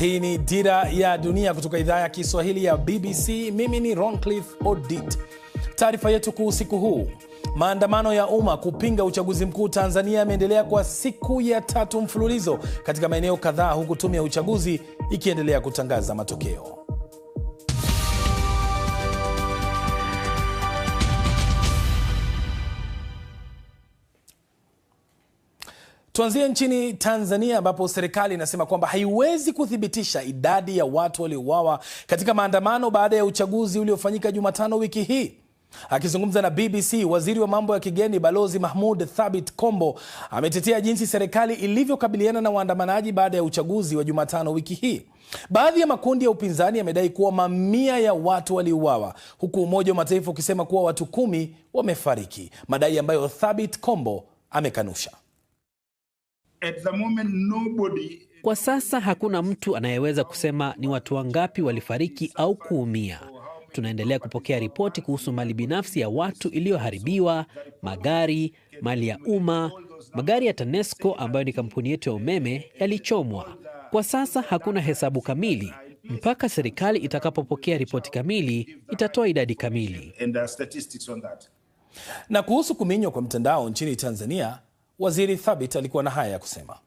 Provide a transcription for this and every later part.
Hii ni Dira ya Dunia kutoka idhaa ya Kiswahili ya BBC. Mimi ni Roncliffe Odit. Taarifa yetu kuu usiku huu: maandamano ya umma kupinga uchaguzi mkuu Tanzania yameendelea kwa siku ya tatu mfululizo katika maeneo kadhaa, huku tume ya uchaguzi ikiendelea kutangaza matokeo. Tuanzie nchini Tanzania ambapo serikali inasema kwamba haiwezi kuthibitisha idadi ya watu waliouawa katika maandamano baada ya uchaguzi uliofanyika Jumatano wiki hii. Akizungumza na BBC, waziri wa mambo ya kigeni Balozi mahmud Thabit Kombo ametetea jinsi serikali ilivyokabiliana na waandamanaji baada ya uchaguzi wa Jumatano wiki hii. Baadhi ya makundi ya upinzani yamedai kuwa mamia ya watu waliuawa, huku Umoja wa Mataifa ukisema kuwa watu kumi wamefariki, madai ambayo Thabit Kombo amekanusha. At the moment, nobody... Kwa sasa hakuna mtu anayeweza kusema ni watu wangapi walifariki au kuumia. Tunaendelea kupokea ripoti kuhusu mali binafsi ya watu iliyoharibiwa, magari, mali ya umma. Magari ya TANESCO ambayo ni kampuni yetu ya umeme yalichomwa. Kwa sasa hakuna hesabu kamili. Mpaka serikali itakapopokea ripoti kamili, itatoa idadi kamili. Uh, Na kuhusu kuminywa kwa mtandao nchini Tanzania, Waziri Thabit alikuwa na haya ya kusema.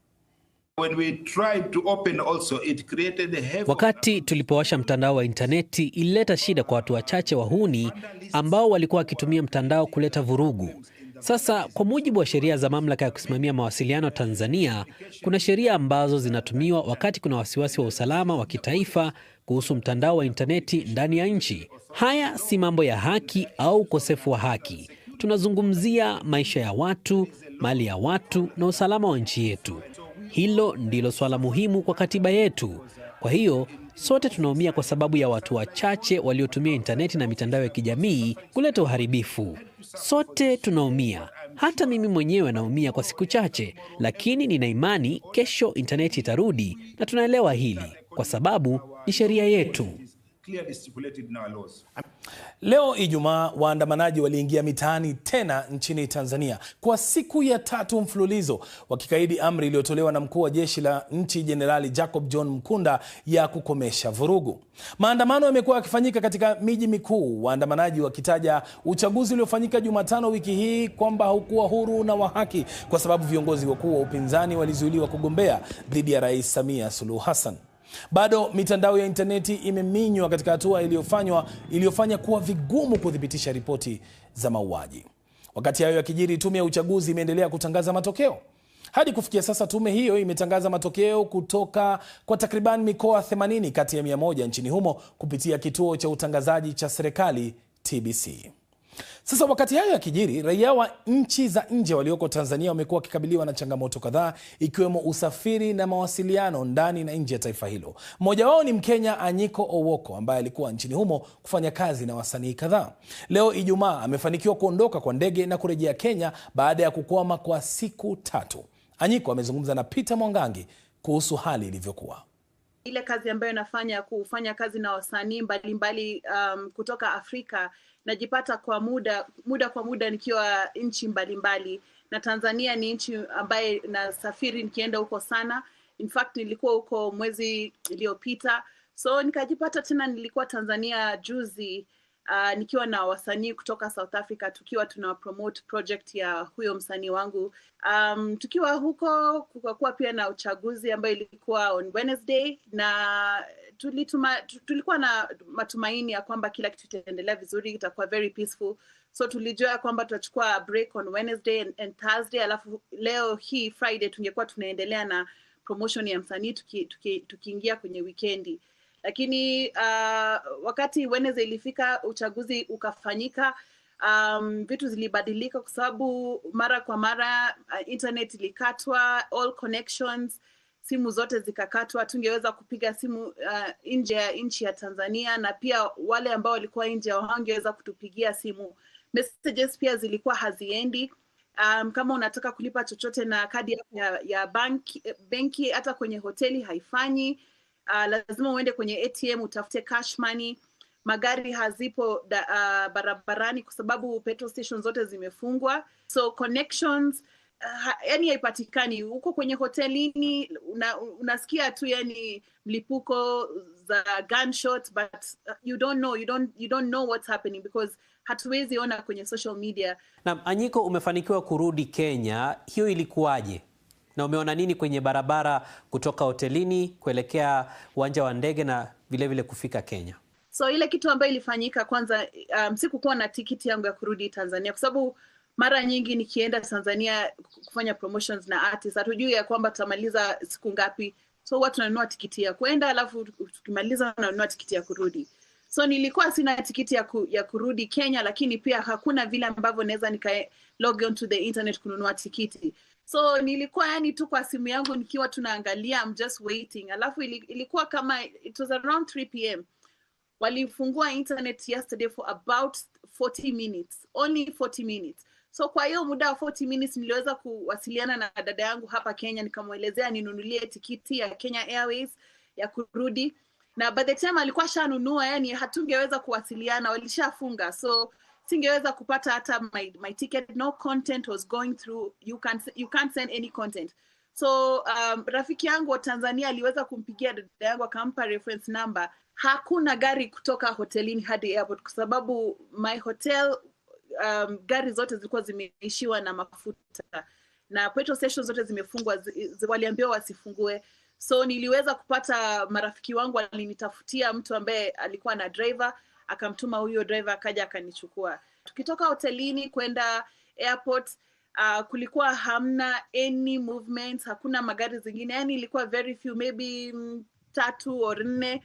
When we tried to open also, it created a wakati tulipowasha mtandao wa intaneti ilileta shida kwa watu wachache wahuni ambao walikuwa wakitumia mtandao kuleta vurugu. Sasa kwa mujibu wa sheria za mamlaka ya kusimamia mawasiliano Tanzania, kuna sheria ambazo zinatumiwa wakati kuna wasiwasi wa usalama wa kitaifa kuhusu mtandao wa intaneti ndani ya nchi. Haya si mambo ya haki au ukosefu wa haki. Tunazungumzia maisha ya watu, mali ya watu na usalama wa nchi yetu. Hilo ndilo swala muhimu kwa katiba yetu. Kwa hiyo sote tunaumia kwa sababu ya watu wachache waliotumia intaneti na mitandao ya kijamii kuleta uharibifu. Sote tunaumia, hata mimi mwenyewe naumia kwa siku chache, lakini nina imani kesho intaneti itarudi, na tunaelewa hili kwa sababu ni sheria yetu clearly stipulated in our laws. Leo Ijumaa, waandamanaji waliingia mitaani tena nchini Tanzania kwa siku ya tatu mfululizo wakikaidi amri iliyotolewa na mkuu wa jeshi la nchi Jenerali Jacob John Mkunda ya kukomesha vurugu. Maandamano yamekuwa yakifanyika katika miji mikuu, waandamanaji wakitaja uchaguzi uliofanyika Jumatano wiki hii kwamba haukuwa huru na wa haki kwa sababu viongozi wakuu wa upinzani walizuiliwa kugombea dhidi ya Rais Samia Suluhu Hassan. Bado mitandao ya intaneti imeminywa katika hatua iliyofanywa iliyofanya kuwa vigumu kuthibitisha ripoti za mauaji. Wakati hayo yakijiri, tume ya uchaguzi imeendelea kutangaza matokeo. Hadi kufikia sasa tume hiyo imetangaza matokeo kutoka kwa takriban mikoa 80 kati ya 100 nchini humo kupitia kituo cha utangazaji cha serikali TBC. Sasa wakati hayo yakijiri, raia wa nchi za nje walioko Tanzania wamekuwa wakikabiliwa na changamoto kadhaa ikiwemo usafiri na mawasiliano ndani na nje ya taifa hilo. Mmoja wao ni Mkenya Anyiko Owoko ambaye alikuwa nchini humo kufanya kazi na wasanii kadhaa. Leo Ijumaa amefanikiwa kuondoka kwa ndege na kurejea Kenya baada ya kukwama kwa siku tatu. Anyiko amezungumza na Peter Mwangangi kuhusu hali ilivyokuwa ile kazi ambayo nafanya kufanya kazi na wasanii mbalimbali um, kutoka Afrika najipata kwa muda muda kwa muda nikiwa nchi mbalimbali, na Tanzania ni nchi ambaye nasafiri nikienda huko sana. In fact nilikuwa huko mwezi iliyopita, so nikajipata tena nilikuwa Tanzania juzi uh, nikiwa na wasanii kutoka South Africa tukiwa tuna promote project ya huyo msanii wangu. Um, tukiwa huko kukakuwa pia na uchaguzi ambayo ilikuwa on Wednesday na tulituma, tulikuwa na matumaini ya kwamba kila kitu itaendelea vizuri, itakuwa very peaceful so tulijua ya kwamba tutachukua break on Wednesday and, and Thursday, alafu leo hii Friday tungekuwa tunaendelea na promotion ya msanii tukiingia tuki, tuki kwenye wikendi lakini uh, wakati Wednesday ilifika uchaguzi ukafanyika. Um, vitu zilibadilika kwa sababu mara kwa mara uh, internet ilikatwa, all connections, simu zote zikakatwa, tungeweza kupiga simu uh, nje ya nchi ya Tanzania, na pia wale ambao walikuwa nje wangeweza kutupigia simu. Messages pia zilikuwa haziendi. Um, kama unataka kulipa chochote na kadi ya, ya bank, eh, benki hata kwenye hoteli haifanyi uh, lazima uende kwenye ATM utafute cash money. Magari hazipo da, uh, barabarani kwa sababu petrol station zote zimefungwa, so connections uh, yani haipatikani huko kwenye hotelini. Una, unasikia tu yani mlipuko za gunshot but you don't know, you don't, you don't know what's happening because hatuwezi ona kwenye social media. Na Anyiko, umefanikiwa kurudi Kenya, hiyo ilikuwaje? Na umeona nini kwenye barabara kutoka hotelini kuelekea uwanja wa ndege na vilevile vile kufika Kenya? So ile kitu ambayo ilifanyika kwanza, um, sikukuwa na tikiti yangu ya kurudi Tanzania kwa sababu mara nyingi nikienda Tanzania kufanya promotions na artists, hatujui ya kwamba tutamaliza siku ngapi, so huwa tunanunua tikiti ya kwenda, alafu tukimaliza tunanunua tikiti ya kurudi. So nilikuwa sina tikiti ya, ku, ya kurudi Kenya, lakini pia hakuna vile ambavyo naweza nika log on to the internet kununua tikiti so nilikuwa yani tu kwa simu yangu nikiwa tunaangalia I'm just waiting alafu ilikuwa kama it was around 3 pm walifungua internet yesterday for about 40 minutes only 40 minutes so kwa hiyo muda wa 40 minutes niliweza kuwasiliana na dada yangu hapa kenya nikamwelezea ninunulie tikiti ya kenya airways ya kurudi na by the time alikuwa shanunua yani hatungeweza kuwasiliana walishafunga so singeweza kupata hata my, my ticket no content was going through you can, you can't send any content so um, rafiki yangu wa tanzania aliweza kumpigia dada yangu akampa reference number hakuna gari kutoka hotelini hadi airport kwa sababu my hotel um, gari zote zilikuwa zimeishiwa na mafuta na petrol station zote zimefungwa zi, zi, waliambiwa wasifungue so niliweza kupata marafiki wangu walinitafutia mtu ambaye alikuwa na driver akamtuma huyo driver akaja akanichukua. Tukitoka hotelini kwenda airport uh, kulikuwa hamna any movement, hakuna magari zingine, yani ilikuwa very few maybe mm, tatu or nne,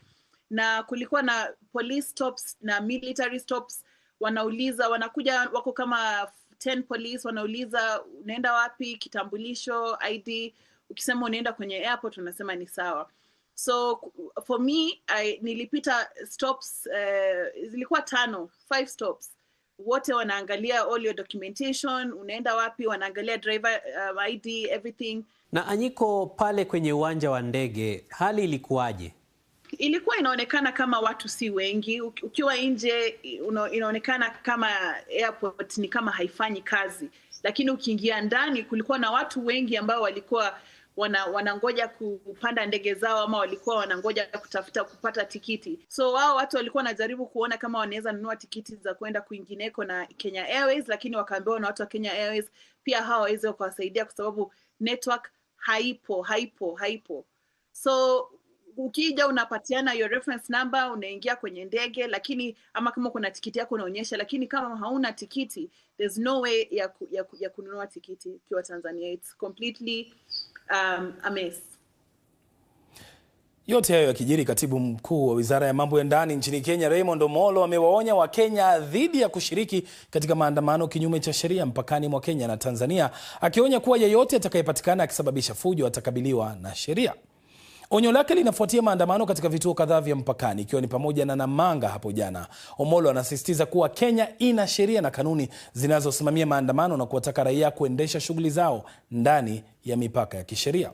na kulikuwa na police stops na military stops, wanauliza wanakuja, wako kama 10 police, wanauliza unaenda wapi, kitambulisho, ID. Ukisema unaenda kwenye airport, unasema ni sawa so for me I, nilipita stops uh, zilikuwa tano five stops wote wanaangalia all your documentation unaenda wapi wanaangalia driver uh, eh, id everything na anyiko pale kwenye uwanja wa ndege hali ilikuwaje ilikuwa inaonekana kama watu si wengi ukiwa nje inaonekana kama airport ni kama haifanyi kazi lakini ukiingia ndani kulikuwa na watu wengi ambao walikuwa wana, wanangoja kupanda ndege zao ama walikuwa wanangoja kutafuta kupata tikiti. So wao watu walikuwa wanajaribu kuona kama wanaweza nunua tikiti za kwenda kwingineko na Kenya Airways, lakini wakaambiwa na watu wa Kenya Airways pia waweze wakawasaidia kwa sababu network haipo haipo haipo. So ukija unapatiana your reference number, unaingia kwenye ndege, lakini ama kama kuna tikiti yako unaonyesha, lakini kama hauna tikiti there's no way ya, ku, ya, ku, ya kununua tikiti ukiwa Tanzania. It's completely um, amiss. Yote hayo yakijiri, katibu mkuu wa wizara ya mambo ya ndani nchini Kenya Raymond Omolo amewaonya Wakenya dhidi ya kushiriki katika maandamano kinyume cha sheria mpakani mwa Kenya na Tanzania, akionya kuwa yeyote atakayepatikana akisababisha fujo atakabiliwa na sheria. Onyo lake linafuatia maandamano katika vituo kadhaa vya mpakani ikiwa ni pamoja na Namanga hapo jana. Omolo anasisitiza kuwa Kenya ina sheria na kanuni zinazosimamia maandamano na kuwataka raia kuendesha shughuli zao ndani ya mipaka ya kisheria.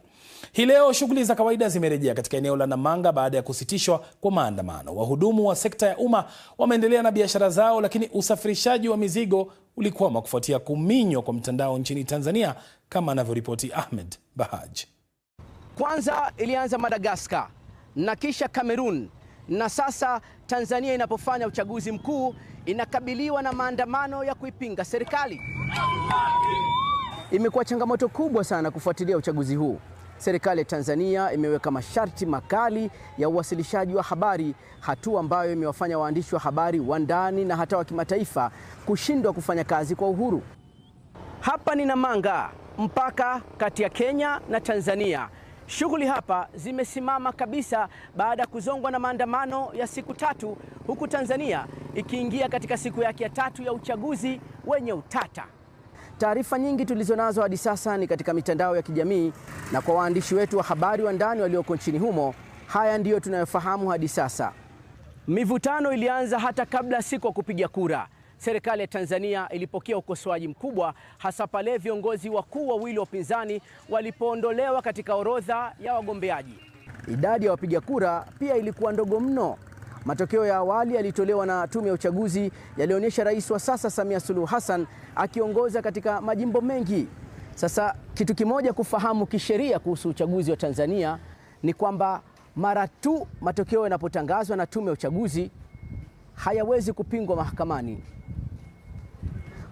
Hii leo shughuli za kawaida zimerejea katika eneo la Namanga baada ya kusitishwa kwa maandamano. Wahudumu wa sekta ya umma wameendelea na biashara zao, lakini usafirishaji wa mizigo ulikwama kufuatia kuminywa kwa mtandao nchini Tanzania, kama anavyoripoti Ahmed Bahaj. Kwanza ilianza Madagaskar na kisha Kamerun na sasa Tanzania inapofanya uchaguzi mkuu inakabiliwa na maandamano ya kuipinga serikali. Imekuwa changamoto kubwa sana kufuatilia uchaguzi huu. Serikali ya Tanzania imeweka masharti makali ya uwasilishaji wa habari, hatua ambayo imewafanya waandishi wa habari wa ndani na hata wa kimataifa kushindwa kufanya kazi kwa uhuru. Hapa ni Namanga, mpaka kati ya Kenya na Tanzania. Shughuli hapa zimesimama kabisa baada ya kuzongwa na maandamano ya siku tatu, huku Tanzania ikiingia katika siku yake ya tatu ya uchaguzi wenye utata. Taarifa nyingi tulizonazo hadi sasa ni katika mitandao ya kijamii, na kwa waandishi wetu wa habari wa ndani walioko nchini humo, haya ndiyo tunayofahamu hadi sasa. Mivutano ilianza hata kabla siku ya kupiga kura serikali ya Tanzania ilipokea ukosoaji mkubwa, hasa pale viongozi wakuu wawili wa upinzani walipoondolewa katika orodha ya wagombeaji. Idadi ya wapiga kura pia ilikuwa ndogo mno. Matokeo ya awali yalitolewa na tume ya uchaguzi yalionyesha rais wa sasa Samia Suluhu Hassan akiongoza katika majimbo mengi. Sasa kitu kimoja kufahamu kisheria kuhusu uchaguzi wa Tanzania ni kwamba mara tu matokeo yanapotangazwa na tume ya uchaguzi hayawezi kupingwa mahakamani.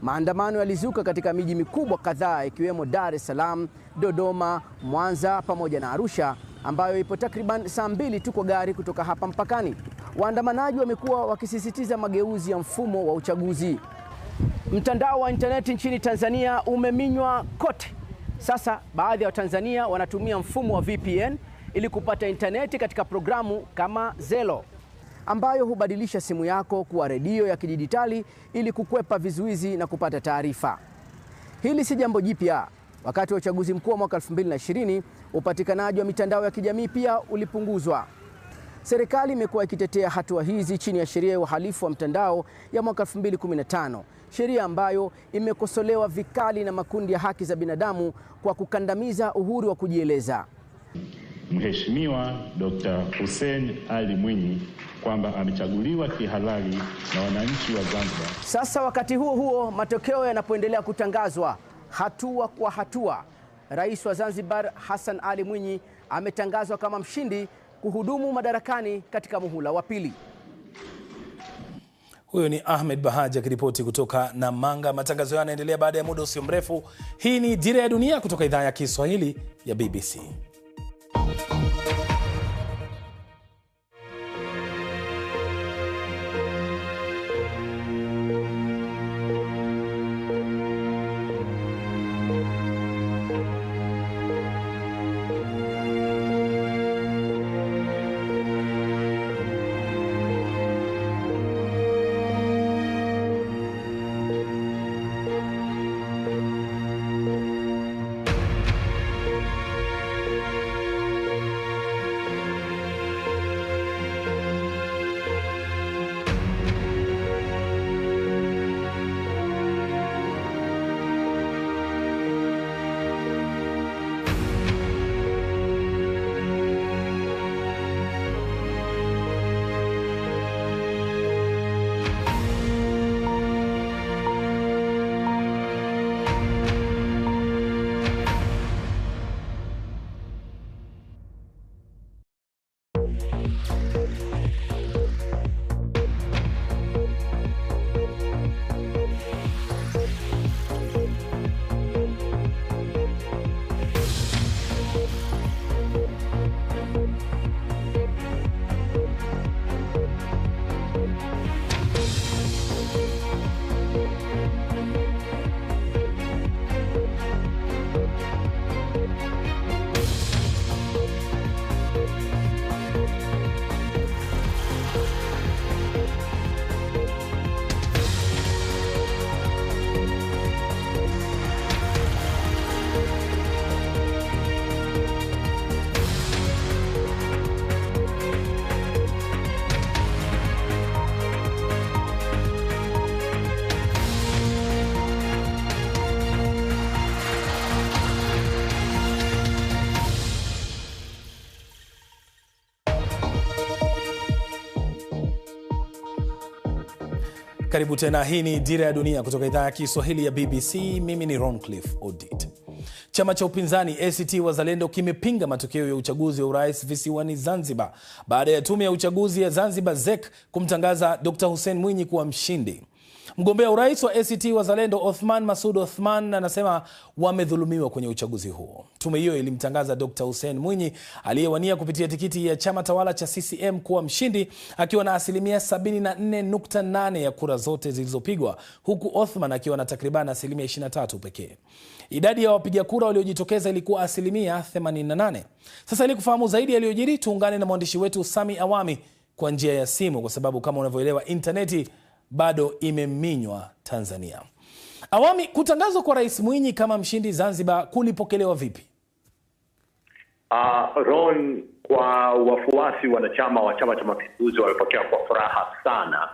Maandamano yalizuka katika miji mikubwa kadhaa ikiwemo Dar es Salaam, Dodoma, Mwanza pamoja na Arusha ambayo ipo takriban saa mbili tu kwa gari kutoka hapa mpakani. Waandamanaji wamekuwa wakisisitiza mageuzi ya mfumo wa uchaguzi. Mtandao wa intaneti nchini Tanzania umeminywa kote. Sasa baadhi ya wa Watanzania wanatumia mfumo wa VPN ili kupata intaneti katika programu kama Zelo ambayo hubadilisha simu yako kuwa redio ya kidijitali ili kukwepa vizuizi na kupata taarifa. Hili si jambo jipya. Wakati wa uchaguzi mkuu wa mwaka 2020, upatikanaji wa mitandao ya kijamii pia ulipunguzwa. Serikali imekuwa ikitetea hatua hizi chini ya sheria ya uhalifu wa mtandao ya mwaka 2015, sheria ambayo imekosolewa vikali na makundi ya haki za binadamu kwa kukandamiza uhuru wa kujieleza. Mheshimiwa Dr. Hussein Ali Mwinyi kwamba amechaguliwa kihalali na wananchi wa Zanzibar. Sasa wakati huo huo, matokeo yanapoendelea kutangazwa hatua kwa hatua, Rais wa Zanzibar Hassan Ali Mwinyi ametangazwa kama mshindi kuhudumu madarakani katika muhula wa pili. Huyo ni Ahmed Bahaji akiripoti kutoka Namanga. Matangazo hayo yanaendelea baada ya muda usio mrefu. Hii ni Dira ya Dunia kutoka idhaa ya Kiswahili ya BBC. Karibu tena, hii ni Dira ya Dunia kutoka idhaa ya Kiswahili ya BBC. Mimi ni roncliff Odit. Chama cha upinzani ACT Wazalendo kimepinga matokeo ya uchaguzi wa urais visiwani Zanzibar baada ya tume ya uchaguzi ya Zanzibar zek kumtangaza Dr Hussein Mwinyi kuwa mshindi. Mgombea urais wa ACT Wazalendo Othman Masud Othman anasema wamedhulumiwa kwenye uchaguzi huo. Tume hiyo ilimtangaza Dr. Hussein Mwinyi aliyewania kupitia tikiti ya chama tawala cha CCM kuwa mshindi akiwa na asilimia 74.8 ya kura zote zilizopigwa, huku Othman akiwa na takriban asilimia 23 pekee. Idadi ya wapiga kura waliojitokeza ilikuwa asilimia 88. Sasa ili kufahamu zaidi yaliyojiri, tuungane na mwandishi wetu Sami Awami kwa njia ya simu, kwa sababu kama unavyoelewa intaneti bado imeminywa Tanzania. Awami, kutangazwa kwa Rais Mwinyi kama mshindi Zanzibar kulipokelewa vipi? Uh, Ron, kwa wafuasi wanachama wa Chama cha Mapinduzi wamepokea kwa furaha sana.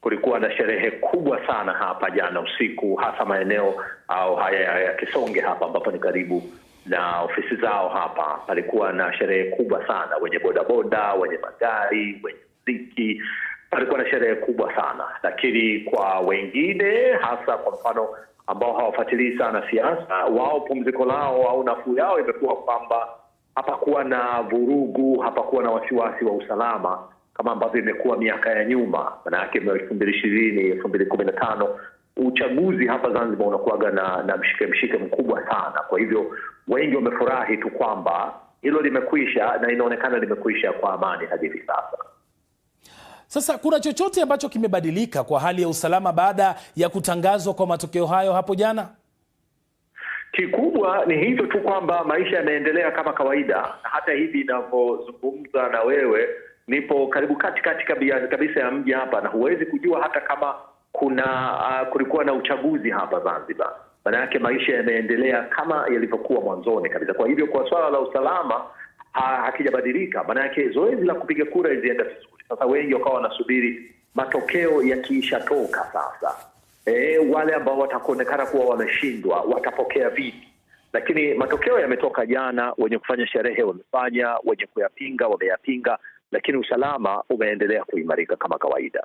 Kulikuwa na sherehe kubwa sana hapa jana usiku, hasa maeneo au haya ya Kisonge hapa ambapo ni karibu na ofisi zao hapa. Palikuwa na sherehe kubwa sana, wenye bodaboda, wenye magari, wenye muziki palikuwa na sherehe kubwa sana, lakini kwa wengine, hasa kwa mfano ambao hawafuatilii sana siasa, wao pumziko lao au nafuu yao imekuwa kwamba hapakuwa na vurugu, hapakuwa na wasiwasi wa usalama kama ambavyo imekuwa miaka ya nyuma, manayake elfu mbili ishirini elfu mbili kumi na tano uchaguzi hapa Zanzibar unakuwaga na, na mshike mshike mkubwa sana. Kwa hivyo wengi wamefurahi tu kwamba hilo limekwisha na inaonekana limekwisha kwa amani hadi hivi sasa. Sasa kuna chochote ambacho kimebadilika kwa hali ya usalama baada ya kutangazwa kwa matokeo hayo hapo jana? Kikubwa ni hivyo tu kwamba maisha yanaendelea kama kawaida. Hata hivi inavyozungumza na wewe, nipo karibu katikati kabisa ya mji hapa, na huwezi kujua hata kama kuna uh, kulikuwa na uchaguzi hapa Zanzibar. Maana yake maisha yanaendelea kama yalivyokuwa mwanzoni kabisa. Kwa hivyo kwa swala la usalama ah, hakijabadilika, maana yake zoezi la kupiga kura is sasa wengi wakawa wanasubiri matokeo yakiishatoka sasa, e, wale ambao watakuonekana kuwa wameshindwa watapokea vipi? Lakini matokeo yametoka jana, wenye kufanya sherehe wamefanya, wenye kuyapinga wameyapinga, lakini usalama umeendelea kuimarika kama kawaida.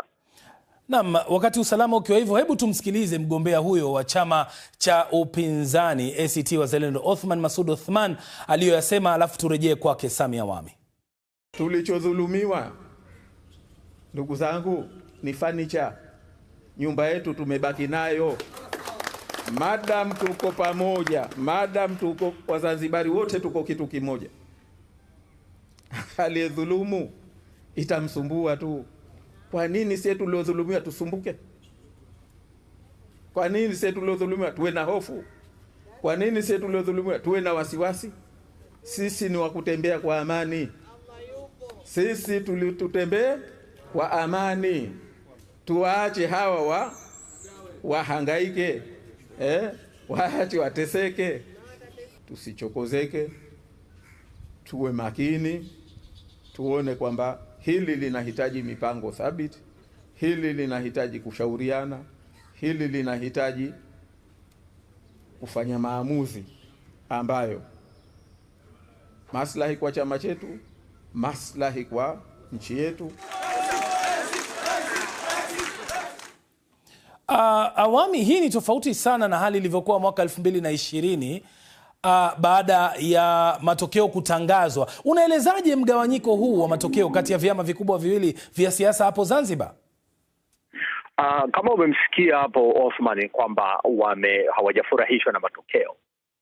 nam wakati usalama ukiwa hivyo, hebu tumsikilize mgombea huyo wa chama cha upinzani ACT Wazalendo Othman Masud Othman aliyoyasema, alafu turejee kwake Sami Awami. Tulichodhulumiwa Ndugu zangu, ni fanicha nyumba yetu tumebaki nayo, madam tuko pamoja, madam tuko Wazanzibari wote tuko kitu kimoja. Aliyedhulumu itamsumbua tu. Kwa nini sie tuliodhulumiwa tusumbuke? Kwa nini sie tuliodhulumiwa tuwe na hofu? Kwa nini sie tuliodhulumiwa tuwe na wasiwasi? Sisi ni wakutembea kwa amani, sisi tulitutembea kwa amani, tuwaache hawa wa wahangaike eh? waache wateseke, tusichokozeke, tuwe makini, tuone kwamba hili linahitaji mipango thabiti, hili linahitaji kushauriana, hili linahitaji kufanya maamuzi ambayo maslahi kwa chama chetu, maslahi kwa nchi yetu. Uh, awami hii ni tofauti sana na hali ilivyokuwa mwaka 2020 uh, ah, baada ya matokeo kutangazwa. Unaelezaje mgawanyiko huu wa matokeo kati ya vyama vikubwa viwili vya siasa hapo Zanzibar? Uh, kama umemsikia hapo Othman kwamba wame hawajafurahishwa na matokeo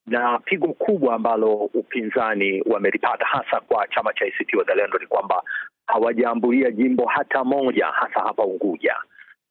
na pigo kubwa ambalo upinzani wamelipata hasa kwa chama cha ACT Wazalendo ni kwamba hawajaambulia jimbo hata moja, hasa hapa Unguja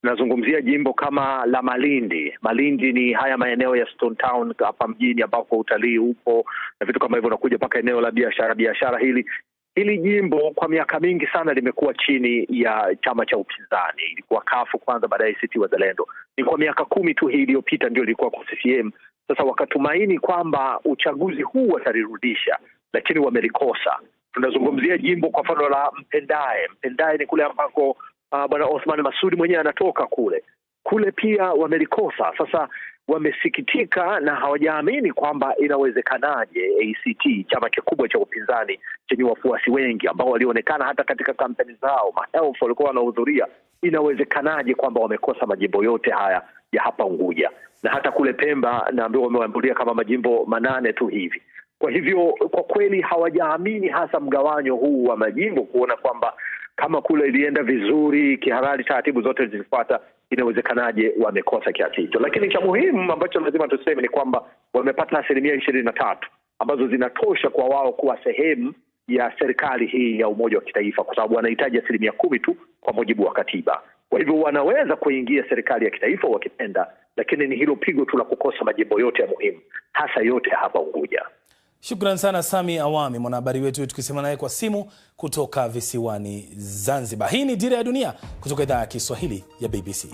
Nazungumzia jimbo kama la Malindi. Malindi ni haya maeneo ya Stone Town hapa mjini, ambapo utalii upo na vitu kama hivyo, unakuja mpaka eneo la biashara. Biashara hili hili jimbo kwa miaka mingi sana limekuwa chini ya chama cha upinzani, ilikuwa Kafu kwanza, baadaye ACT Wazalendo. Ni kwa miaka kumi tu hii iliyopita ndio ilikuwa kwa CCM. Sasa wakatumaini kwamba uchaguzi huu watalirudisha, lakini wamelikosa. Tunazungumzia jimbo kwa mfano la Mpendae. Mpendae ni kule ambako uh, bwana Othman Masudi mwenyewe anatoka kule kule, pia wamelikosa sasa wamesikitika na hawajaamini kwamba inawezekanaje ACT chama kikubwa cha upinzani chenye wafuasi wengi ambao walionekana hata katika kampeni zao, maelfu walikuwa wanahudhuria, inawezekanaje kwamba wamekosa majimbo yote haya ya hapa Unguja na hata kule Pemba, naambiwa wameambulia kama majimbo manane tu hivi. Kwa hivyo kwa kweli hawajaamini hasa mgawanyo huu wa majimbo, kuona kwamba kama kule ilienda vizuri kihalali, taratibu zote zilifuata, inawezekanaje wamekosa kiasi hicho? Lakini cha muhimu ambacho lazima tuseme ni kwamba wamepata asilimia ishirini na tatu ambazo zinatosha kwa wao kuwa sehemu ya serikali hii ya umoja wa kitaifa, kwa sababu wanahitaji asilimia kumi tu kwa mujibu wa katiba. Kwa hivyo wanaweza kuingia serikali ya kitaifa wakipenda, lakini ni hilo pigo tu la kukosa majimbo yote ya muhimu, hasa yote hapa Unguja. Shukran sana Sami Awami, mwanahabari wetu, tukisema naye kwa simu kutoka visiwani Zanzibar. Hii ni Dira ya Dunia kutoka idhaa ya Kiswahili ya BBC.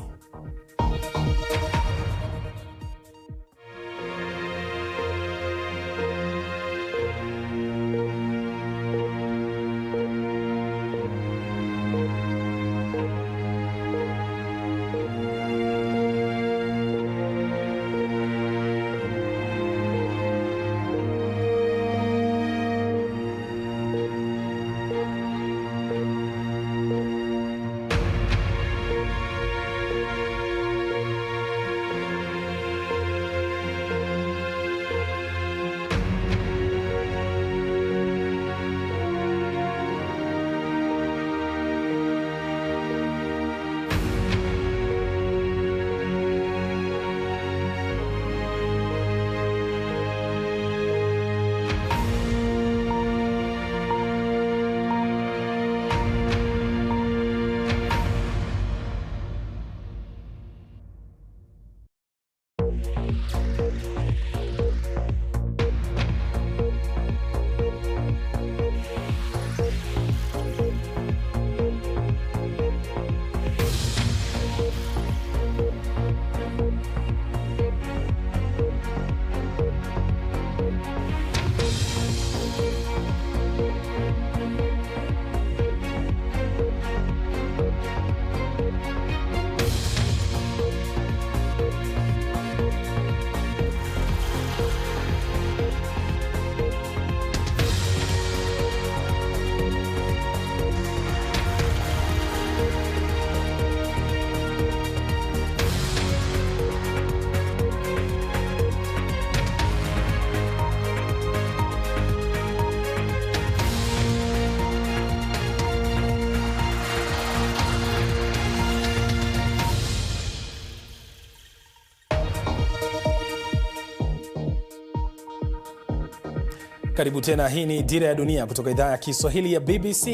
Karibu tena, hii ni Dira ya Dunia kutoka idhaa ya Kiswahili ya BBC.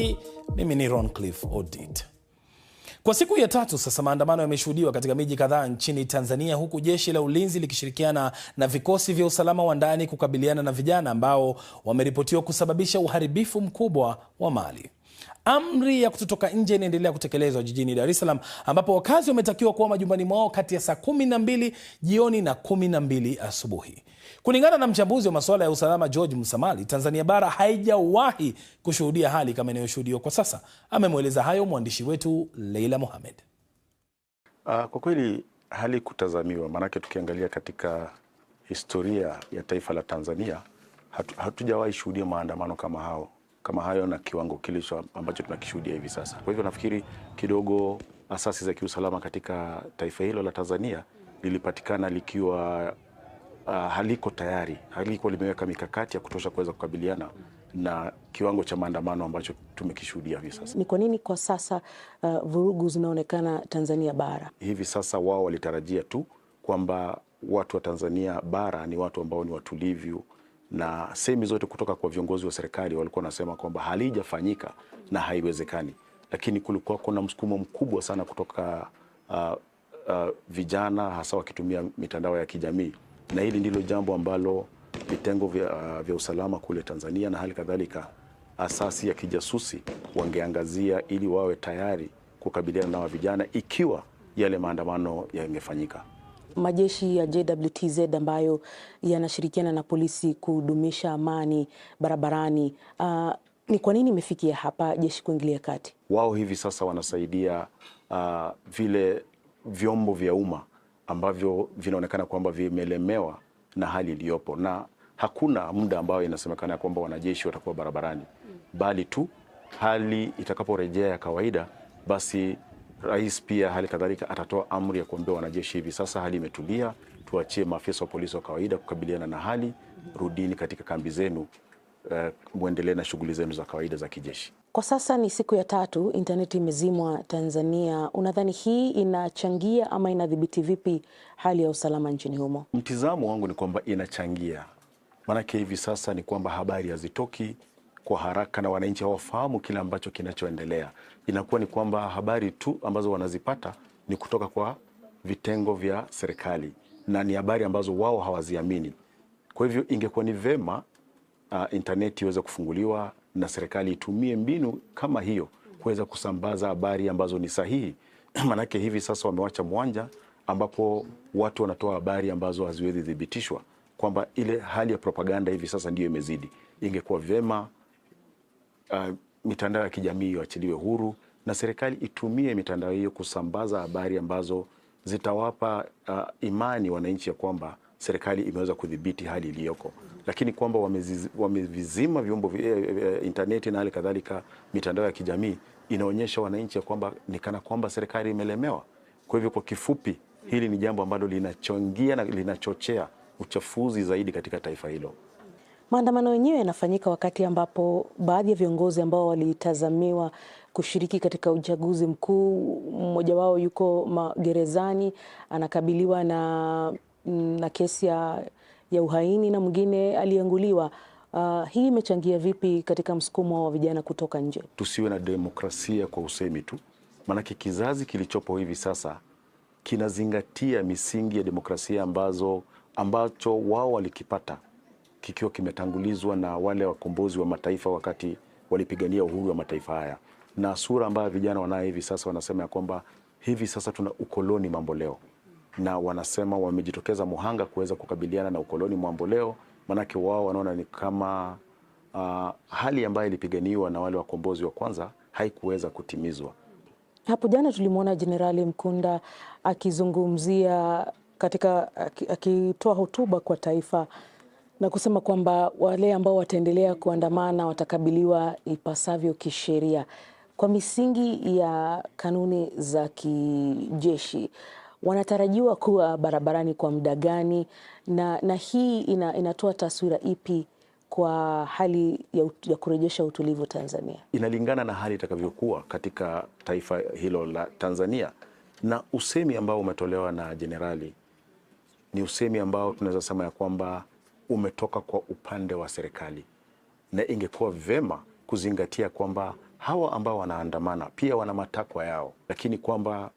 Mimi ni Roncliffe Odit. Kwa siku ya tatu sasa maandamano yameshuhudiwa katika miji kadhaa nchini Tanzania, huku jeshi la ulinzi likishirikiana na vikosi vya usalama wa ndani kukabiliana na vijana ambao wameripotiwa kusababisha uharibifu mkubwa wa mali. Amri ya kutotoka nje inaendelea kutekelezwa jijini Dar es Salaam ambapo wakazi wametakiwa kuwa majumbani mwao kati ya saa kumi na mbili jioni na kumi na mbili asubuhi. Kulingana na mchambuzi wa masuala ya usalama George Msamali, Tanzania bara haijawahi kushuhudia hali kama inayoshuhudiwa kwa sasa. Amemweleza hayo mwandishi wetu Leila Mohamed. Uh, kwa kweli hali kutazamiwa, maanake tukiangalia katika historia ya taifa la Tanzania hatujawahi shuhudia maandamano kama hao kama hayo na kiwango kilicho ambacho tunakishuhudia hivi sasa. Kwa hivyo nafikiri kidogo asasi za kiusalama katika taifa hilo la Tanzania lilipatikana likiwa uh, haliko tayari, haliko limeweka mikakati ya kutosha kuweza kukabiliana na kiwango cha maandamano ambacho tumekishuhudia hivi sasa. Ni kwa nini kwa sasa uh, vurugu zinaonekana Tanzania bara? Hivi sasa wao walitarajia tu kwamba watu wa Tanzania bara ni watu ambao ni watulivu na semi zote kutoka kwa viongozi wa serikali walikuwa wanasema kwamba halijafanyika na haiwezekani, lakini kulikuwa kuna msukumo mkubwa sana kutoka uh, uh, vijana hasa wakitumia mitandao ya kijamii, na hili ndilo jambo ambalo vitengo vya, uh, vya usalama kule Tanzania na hali kadhalika asasi ya kijasusi wangeangazia ili wawe tayari kukabiliana na vijana ikiwa yale maandamano yangefanyika. Majeshi ya JWTZ ambayo yanashirikiana na polisi kudumisha amani barabarani, uh, ni kwa nini imefikia hapa jeshi kuingilia kati? Wao hivi sasa wanasaidia uh, vile vyombo vya umma ambavyo vinaonekana kwamba vimelemewa na hali iliyopo, na hakuna muda ambayo inasemekana kwamba wanajeshi watakuwa barabarani, bali tu hali itakaporejea ya kawaida basi Rais pia hali kadhalika atatoa amri ya kuombea wanajeshi, hivi sasa hali imetulia, tuachie maafisa wa polisi wa kawaida kukabiliana na hali, rudini katika kambi zenu. Uh, muendelee na shughuli zenu za kawaida za kijeshi. Kwa sasa ni siku ya tatu intaneti imezimwa Tanzania. Unadhani hii inachangia ama inadhibiti vipi hali ya usalama nchini humo? Mtizamo wangu ni kwamba inachangia, maanake hivi sasa ni kwamba habari hazitoki kwa haraka na wananchi hawafahamu kile ambacho kinachoendelea. Inakuwa ni kwamba habari tu ambazo wanazipata ni kutoka kwa vitengo vya serikali na ni habari ambazo wao hawaziamini. Kwa hivyo ingekuwa ni vema uh, ah, intaneti iweze kufunguliwa na serikali itumie mbinu kama hiyo kuweza kusambaza habari ambazo ni sahihi. Manake hivi sasa wamewacha mwanja ambapo watu wanatoa habari ambazo haziwezi thibitishwa, kwamba ile hali ya propaganda hivi sasa ndiyo imezidi. Ingekuwa vyema uh, mitandao ya kijamii iachiliwe huru na serikali itumie mitandao hiyo kusambaza habari ambazo zitawapa uh, imani wananchi ya kwamba serikali imeweza kudhibiti hali iliyoko, lakini kwamba wamevizima vyombo eh, eh, eh intaneti na hali kadhalika mitandao ya kijamii inaonyesha wananchi ya kwamba ni kana kwamba serikali imelemewa. Kwa hivyo, kwa kifupi, hili ni jambo ambalo linachangia na linachochea uchafuzi zaidi katika taifa hilo. Maandamano yenyewe yanafanyika wakati ambapo baadhi ya viongozi ambao walitazamiwa kushiriki katika uchaguzi mkuu, mmoja wao yuko magerezani anakabiliwa na, na kesi ya, ya uhaini na mwingine alianguliwa. Uh, hii imechangia vipi katika msukumo wa vijana kutoka nje? Tusiwe na demokrasia kwa usemi tu, maanake kizazi kilichopo hivi sasa kinazingatia misingi ya demokrasia ambazo ambacho wao walikipata kikiwa kimetangulizwa na wale wakombozi wa mataifa wakati walipigania uhuru wa mataifa haya, na sura ambayo vijana wanayo hivi sasa wanasema ya kwamba hivi sasa tuna ukoloni mamboleo, na wanasema wamejitokeza muhanga kuweza kukabiliana na ukoloni mamboleo, maanake wao wanaona ni kama uh, hali ambayo ilipiganiwa na wale wakombozi wa kwanza haikuweza kutimizwa. Hapo jana tulimwona Jenerali Mkunda akizungumzia katika akitoa hotuba kwa taifa na kusema kwamba wale ambao wataendelea kuandamana watakabiliwa ipasavyo kisheria kwa misingi ya kanuni za kijeshi. Wanatarajiwa kuwa barabarani kwa muda gani? Na, na hii ina, inatoa taswira ipi kwa hali ya, ya kurejesha utulivu Tanzania? Inalingana na hali itakavyokuwa katika taifa hilo la Tanzania, na usemi ambao umetolewa na jenerali ni usemi ambao tunaweza sema ya kwamba umetoka kwa upande wa serikali, na ingekuwa vema kuzingatia kwamba hawa ambao wanaandamana pia wana matakwa yao, lakini kwamba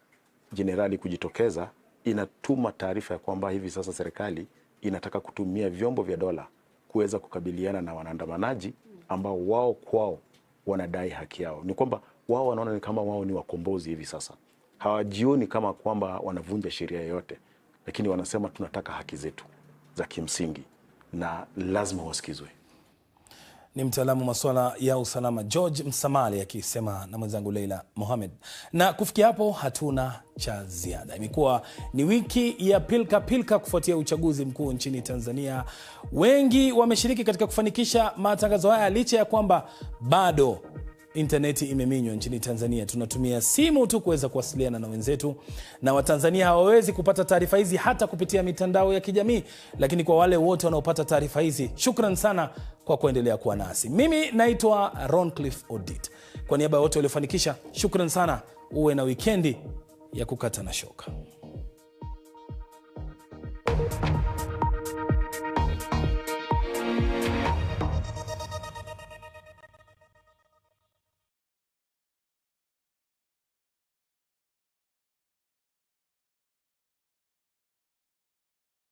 jenerali kujitokeza inatuma taarifa ya kwamba hivi sasa serikali inataka kutumia vyombo vya dola kuweza kukabiliana na wanaandamanaji ambao wao kwao wanadai haki yao. Ni kwamba wao wanaona ni kama wao ni wakombozi hivi sasa, hawajioni kama kwamba wanavunja sheria yoyote, lakini wanasema tunataka haki zetu za kimsingi na lazima wasikizwe. Ni mtaalamu masuala ya usalama George Msamali akisema na mwenzangu Leila Mohamed. Na kufikia hapo, hatuna cha ziada. Imekuwa ni wiki ya pilka pilka kufuatia uchaguzi mkuu nchini Tanzania. Wengi wameshiriki katika kufanikisha matangazo haya licha ya kwamba bado intaneti imeminywa nchini Tanzania. Tunatumia simu tu kuweza kuwasiliana na wenzetu, na Watanzania hawawezi kupata taarifa hizi hata kupitia mitandao ya kijamii. Lakini kwa wale wote wanaopata taarifa hizi, shukran sana kwa kuendelea kuwa nasi. Mimi naitwa Roncliff Odit, kwa niaba ya wote waliofanikisha, shukran sana. Uwe na wikendi ya kukata na shoka.